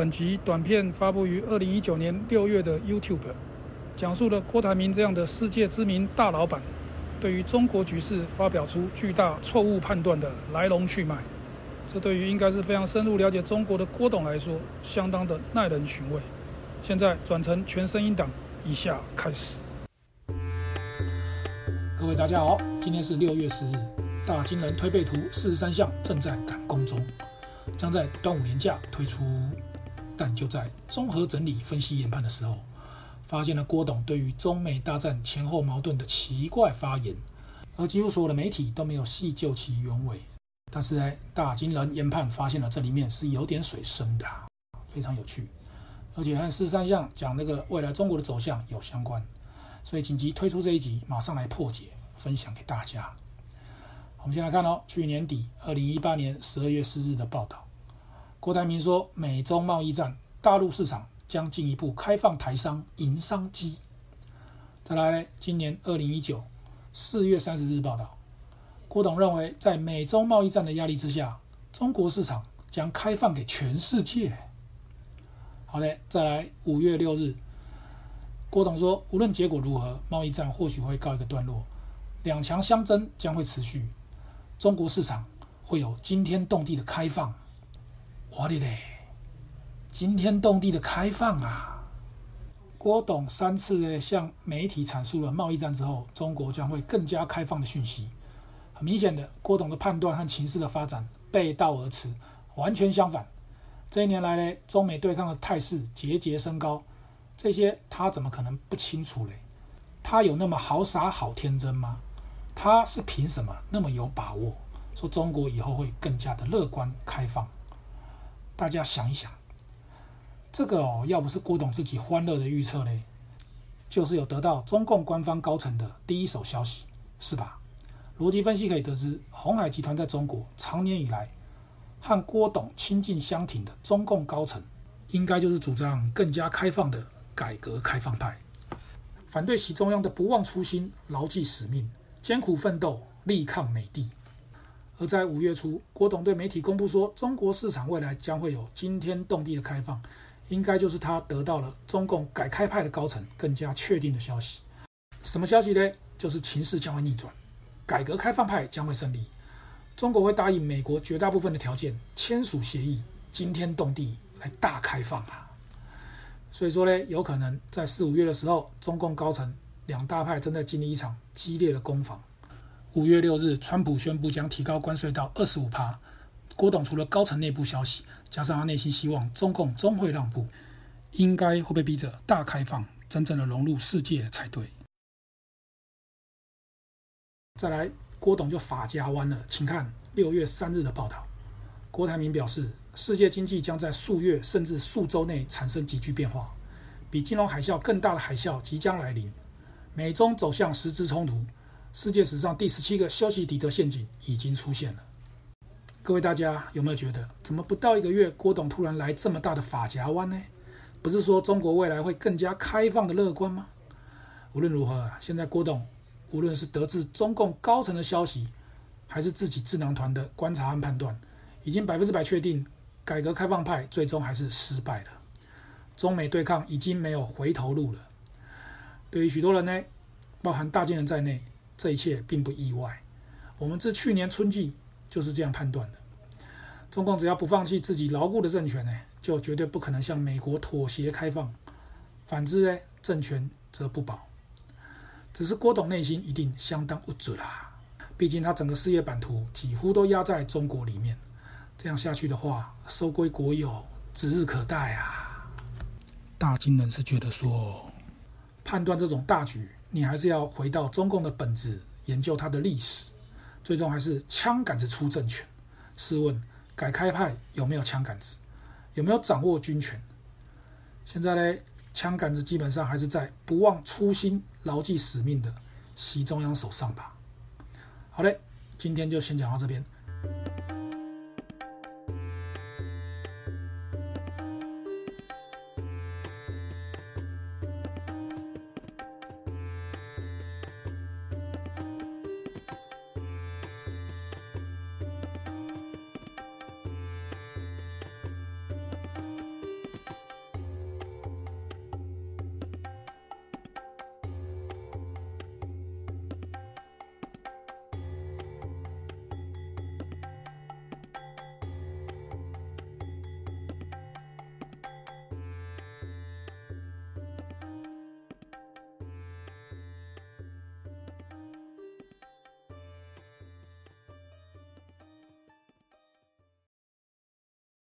本集短片發布於二零一九年六月的 YouTube，講述了郭台銘這樣的世界知名大老板，對於中國局勢發表出巨大錯誤判斷的來龍去脈。這對於應該是非常深入了解中國的郭董來說，相當的耐人尋味。現在轉成全聲音檔，以下開始。各位大家好，今天是六月十日，大金人推背圖四十三項正在趕工中，將在端午年假推出。但就在綜合整理、分析研判的時候，發現了郭董對於中美大戰前後矛盾的奇怪發言，而幾乎所有的媒體都沒有細究其原委。但是呢，大金人研判發現了這裡面是有點水深的，非常有趣，而且和四三項講那個未來中國的走向有相關，所以緊急推出這一集，馬上來破解，分享給大家。我們先來看哦，去年底，二零一八年十二月四日的報道。郭台銘說：“美中貿易戰，大陸市場將進一步開放，台商贏商機。”再來今年二零一九四月三十日報道，郭董認為，在美中貿易戰的壓力之下，中國市場將開放給全世界。好嘞，再來五月六日，郭董說：“無論結果如何，貿易戰或許會告一個段落，兩強相爭將會持續，中國市場會有驚天動地的開放。”我的嘞，驚天動地的開放啊！郭董三次向媒體闡述了貿易戰之後，中國將會更加開放的訊息。很明顯的，郭董的判斷和情勢的發展背道而馳，完全相反。這一年來呢，中美對抗的態勢節節升高，這些他怎麼可能不清楚嘞？他有那麼好傻、好天真嗎？他是憑什麼那麼有把握，說中國以後會更加的樂觀開放？大家想一想，這個哦，要不是郭董自己歡樂的預測嘞，就是有得到中共官方高層的第一手消息，是吧？邏輯分析可以得知，鴻海集團在中國長年以來和郭董親近相挺的中共高層，應該就是主張更加開放的改革開放派，反對習中央的不忘初心、牢記使命、艱苦奮鬥、力抗美帝。而在五月初，郭董對媒體公布說，中國市場未來將會有驚天動地的開放，應該就是他得到了中共改開派的高層更加確定的消息。什麼消息呢？就是情勢將會逆轉，改革開放派將會勝利，中國會答應美國絕大部分的條件，簽署協議，驚天動地來大開放啊！所以說呢，有可能在四五月的時候，中共高層兩大派正在經歷一場激烈的攻防。五月六日，川普宣布將提高關稅到二十五趴。郭董除了高層內部消息，加上他內心希望中共終會讓步，應該會被逼着大開放，真正的融入世界才對。再來，郭董就髮夾彎了，請看六月三日的報道。郭台銘表示，世界經濟將在數月甚至數周內產生急劇變化，比金融海嘯更大的海嘯即將來臨，美中走向實質衝突。世界史上第十七個修昔底德陷阱已經出現了。各位大家有沒有覺得，怎麼不到一個月，郭董突然來這麼大的髮夾彎呢？不是說中國未來會更加開放的樂觀嗎？無論如何啊，現在郭董無論是得知中共高層的消息，還是自己智囊團的觀察和判斷，已經百分之百確定，改革開放派最終還是失敗了。中美對抗已經沒有回頭路了。對於許多人呢，包含大金人在內。這一切並不意外，我們自去年春季就是這樣判斷的。中共只要不放棄自己牢固的政權呢，就絕對不可能向美國妥協開放。反之呢，政權則不保。只是郭董內心一定相當無助啦，畢竟他整個事業版圖幾乎都壓在中國裡面。這樣下去的話，收歸國有指日可待啊。大金人是覺得說，判斷這種大局。你還是要回到中共的本質，研究它的歷史，最終還是槍桿子出政權。試問，改開派有沒有槍桿子？有沒有掌握軍權？現在呢，槍桿子基本上還是在不忘初心、牢記使命的習中央手上吧。好嘞，今天就先講到這邊。